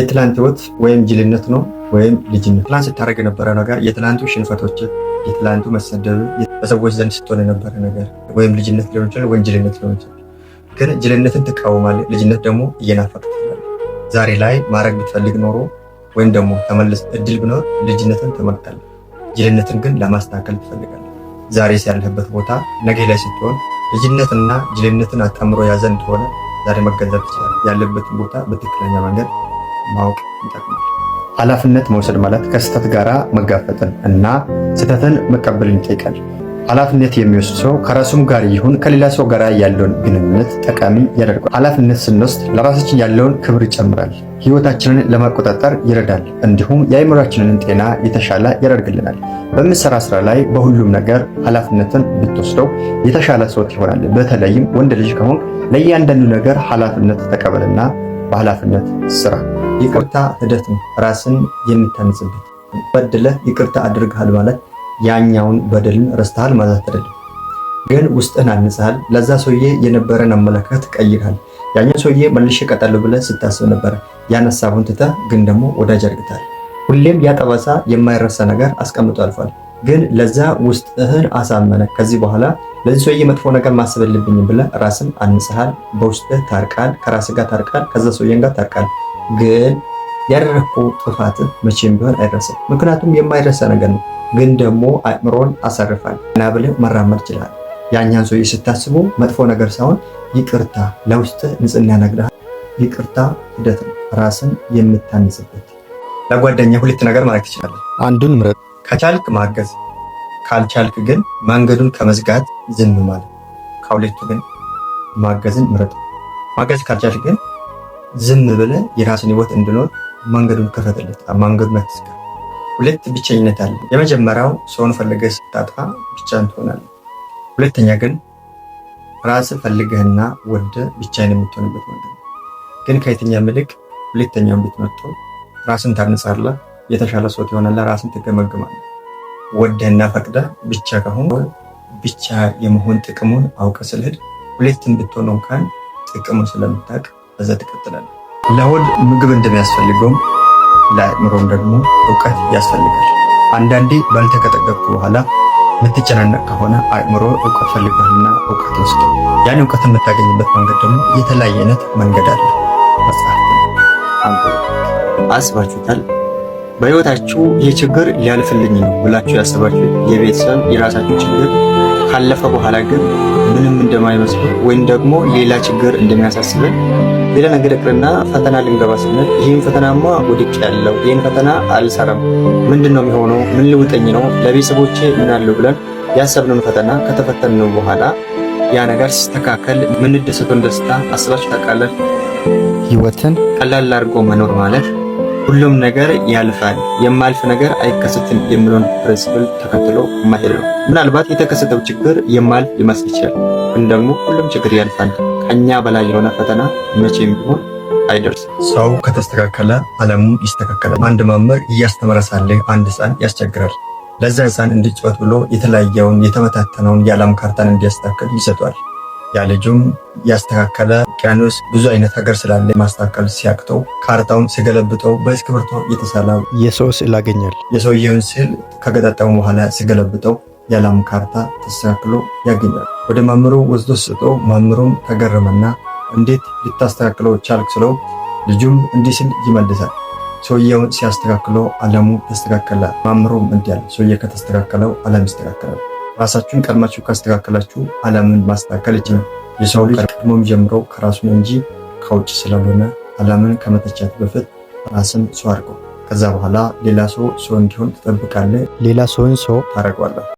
የትላንት ህይወት ወይም ጅልነት ነው ወይም ልጅነት። ትላንት ስታደርግ የነበረ ነገር፣ የትላንቱ ሽንፈቶች፣ የትላንቱ መሰደብ፣ በሰዎች ዘንድ ስትሆን የነበረ ነገር ወይም ልጅነት ሊሆን ይችላል ወይም ጅልነት ሊሆን ይችላል። ግን ጅልነትን ትቃወማለህ፣ ልጅነት ደግሞ እየናፈቅ ትችላለህ። ዛሬ ላይ ማድረግ ብትፈልግ ኖሮ ወይም ደግሞ ተመልስ እድል ብኖር ልጅነትን ትመርጣለህ። ጅልነትን ግን ለማስተካከል ትፈልጋለህ። ዛሬ ያለህበት ቦታ ነገ ላይ ስትሆን ልጅነትና ጅልነትን አጣምሮ ያዘ እንደሆነ ዛሬ መገንዘብ ትችላለህ። ያለበትን ቦታ በትክክለኛ መንገድ ማወቅ ይጠቅማል። ኃላፊነት መውሰድ ማለት ከስህተት ጋር መጋፈጥን እና ስህተትን መቀበልን ይጠይቃል። ኃላፊነት የሚወስድ ሰው ከራሱም ጋር ይሁን ከሌላ ሰው ጋር ያለውን ግንኙነት ጠቃሚ ያደርገዋል። ኃላፊነት ስንወስድ ለራሳችን ያለውን ክብር ይጨምራል፣ ህይወታችንን ለመቆጣጠር ይረዳል፣ እንዲሁም የአእምሯችንን ጤና የተሻለ ያደርግልናል። በምሰራ ስራ ላይ በሁሉም ነገር ኃላፊነትን ብትወስደው የተሻለ ሰውት ይሆናል። በተለይም ወንድ ልጅ ከሆን ለእያንዳንዱ ነገር ኃላፊነት ተቀበልና በኃላፊነት ስራ ይቅርታ ሂደት ነው፣ ራስን የምታንጽበት። በድለህ ይቅርታ አድርግሃል ማለት ያኛውን በደልን ረስተሃል ማለት አይደለም፣ ግን ውስጥን አንጽሃል። ለዛ ሰውዬ የነበረን አመለካከት ቀይርሃል። ያኛው ሰውዬ መልሼ እቀጣለሁ ብለህ ስታስብ ነበረ፣ ያን ሀሳቡን ትተህ ግን ደግሞ ወዳጅ አድርግታል። ሁሌም ያጠበሳ የማይረሳ ነገር አስቀምጦ አልፏል። ግን ለዛ ውስጥህን አሳመነ። ከዚህ በኋላ ለዚህ ሰውዬ መጥፎ ነገር ማሰብ የለብኝም ብለህ ራስን አንጽሃል። በውስጥህ ታርቃል፣ ከራስህ ጋር ታርቃል፣ ከዛ ሰውዬን ጋር ታርቃል። ግን ያደረግኩ ጥፋት መቼም ቢሆን አይረሳም። ምክንያቱም የማይረሳ ነገር ነው። ግን ደግሞ አእምሮን አሳርፋል እና ብለህ መራመድ ይችላል። ያኛን ሰውዬ ስታስቡ መጥፎ ነገር ሳይሆን ይቅርታ፣ ለውስጥ ንጽህና ነግረሃል። ይቅርታ ሂደት ነው፣ ራስን የምታንጽበት። ለጓደኛ ሁለት ነገር ማለት ትችላለህ። አንዱን ምረጥ። ከቻልክ ማገዝ፣ ካልቻልክ ግን መንገዱን ከመዝጋት ዝም ማለት። ከሁለቱ ግን ማገዝን ምረጥ። ማገዝ ካልቻልክ ግን ዝም ብለህ የራስን ህይወት እንድኖር መንገዱን ክፈትለት። መንገዱ አትዝጋ። ሁለት ብቸኝነት አለ። የመጀመሪያው ሰውን ፈልገህ ስታጣ ብቻህን ትሆናለህ። ሁለተኛ ግን ራስህ ፈልገህና ወደህ ብቻህን የምትሆንበት መንገድ ነው። ግን ከየትኛው ምልክ ሁለተኛውን ብትመርጠው ራስን ታንጻለህ፣ የተሻለ ሰው ትሆናለህ፣ ራስን ትገመግማለህ። ወደህና ፈቅደህ ብቻ ከሆን ብቻ የመሆን ጥቅሙን አውቀ ስልህድ ሁለትን ብትሆን እንኳን ጥቅሙን ስለምታውቅ በዛ ትቀጥላለህ። ለሆድ ምግብ እንደሚያስፈልገውም ለአእምሮም ደግሞ እውቀት ያስፈልጋል። አንዳንዴ ባልተቀጠቀጥኩ በኋላ የምትጨናነቅ ከሆነ አእምሮ እውቀት ፈልገህና እውቀት ወስደ ያን እውቀት የምታገኝበት መንገድ ደግሞ የተለያየ አይነት መንገድ አለ። መጽሐፍ አስባችሁታል? በህይወታችሁ ይህ ችግር ሊያልፍልኝ ነው ብላችሁ ያሰባችሁ የቤተሰብ የራሳችሁ ችግር ካለፈ በኋላ ግን ምንም እንደማይመስለው ወይም ደግሞ ሌላ ችግር እንደሚያሳስበን ሌላ ነገር እቅርና ፈተና ልንገባ ስንል ይህን ፈተናማ ወድቅ ያለው ይህን ፈተና አልሰራም፣ ምንድን ነው የሚሆነው? ምን ልውጠኝ ነው? ለቤተሰቦቼ ምን አለው ብለን ያሰብነውን ፈተና ከተፈተንን በኋላ ያ ነገር ሲስተካከል ምንደሰቱን ደስታ አስባችሁ ታውቃላችሁ? ህይወትን ቀላል አድርጎ መኖር ማለት ሁሉም ነገር ያልፋል፣ የማልፍ ነገር አይከሰትም የሚለውን ፕሪንስፕል ተከትሎ ማሄድ ነው። ምናልባት የተከሰተው ችግር የማልፍ ሊመስል ይችላል፣ ግን ደግሞ ሁሉም ችግር ያልፋል። ከኛ በላይ የሆነ ፈተና መቼም ቢሆን አይደርስም። ሰው ከተስተካከለ አለሙ ይስተካከላል። አንድ መምህር እያስተማረ ሳለ አንድ ህፃን ያስቸግራል። ለዛ ህፃን እንዲጫወት ብሎ የተለያየውን የተመታተነውን የዓለም ካርታን እንዲያስተካክል ይሰጧል። ያ ልጁም ያስተካከለ ውቅያኖስ ብዙ አይነት ሀገር ስላለ ማስተካከል ሲያቅተው ካርታውን ሲገለብጠው በእስክሪብቶ የተሰራ የሰው ስዕል አገኛል። የሰውየውን ስዕል ከገጣጠሙ በኋላ ሲገለብጠው የዓለም ካርታ ተስተካክሎ ያገኛል። ወደ መምህሩ ወስዶ ስጠው። መምህሩም ተገረመና እንዴት ልታስተካክለው ቻልክ ስለው ልጁም እንዲህ ስል ይመልሳል። ሰውየውን ሲያስተካክለው ዓለሙ ተስተካከለ። መምህሩም እንዲያል ሰውየ ከተስተካከለው ዓለም ይስተካከላል። ራሳችሁን ቀድማችሁ ካስተካከላችሁ ዓለምን ማስተካከል ይችላል። የሰው ልጅ ቀድሞ የሚጀምረው ከራሱን እንጂ ከውጭ ስላልሆነ ዓለምን ከመተቻት በፊት ራስን ሰው አድርገው። ከዛ በኋላ ሌላ ሰው ሰው እንዲሆን ትጠብቃለህ። ሌላ ሰውን ሰው ታደርገዋለህ።